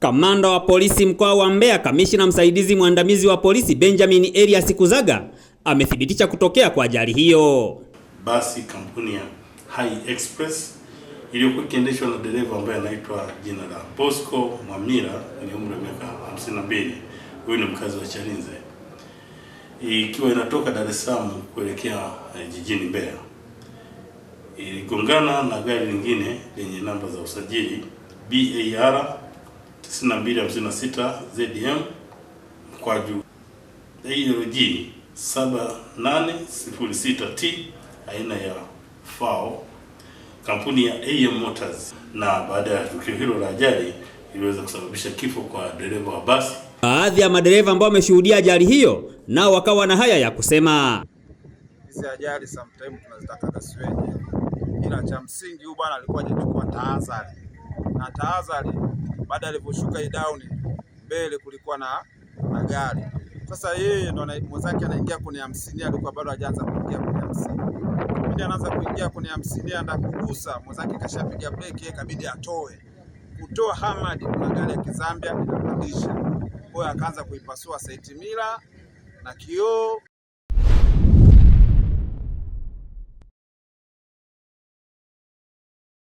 Kamanda wa polisi mkoa wa Mbeya, kamishina msaidizi mwandamizi wa polisi Benjamin Elias Kuzaga amethibitisha kutokea kwa ajali hiyo. Basi kampuni ya High Express iliyokuwa ikiendeshwa na dereva ambaye anaitwa jina la Bosco Mwamira mwenye umri wa miaka 52, huyu ni mkazi wa Chalinze, ikiwa inatoka Dar es Salaam kuelekea eh, jijini Mbeya, iligongana na gari lingine lenye namba za usajili BAR 9256 ZDM kwa juu. Hii ni rejini 7806T aina ya FAO kampuni ya AM Motors, na baada ya tukio hilo la ajali iliweza kusababisha kifo kwa dereva wa basi. Baadhi ya madereva ambao wameshuhudia ajali hiyo nao wakawa na haya ya kusema: hizi ajali sometime tunazitaka siweje, ila cha msingi huyu bwana alikuwa hajachukua tahadhari na tahadhari baada alivyoshuka down mbele kulikuwa na, na gari. Sasa yeye ndo mwenzake anaingia kwenye hamsini, alikuwa bado hajaanza kuingia kwenye hamsini. Kipindi anaanza kuingia kwenye hamsini anda kugusa mwenzake kashapiga breki, yeye kabidi atoe. Kutoa Hamad kuna gari ya Kizambia inapandisha. Kwa hiyo akaanza kuipasua Saiti na kioo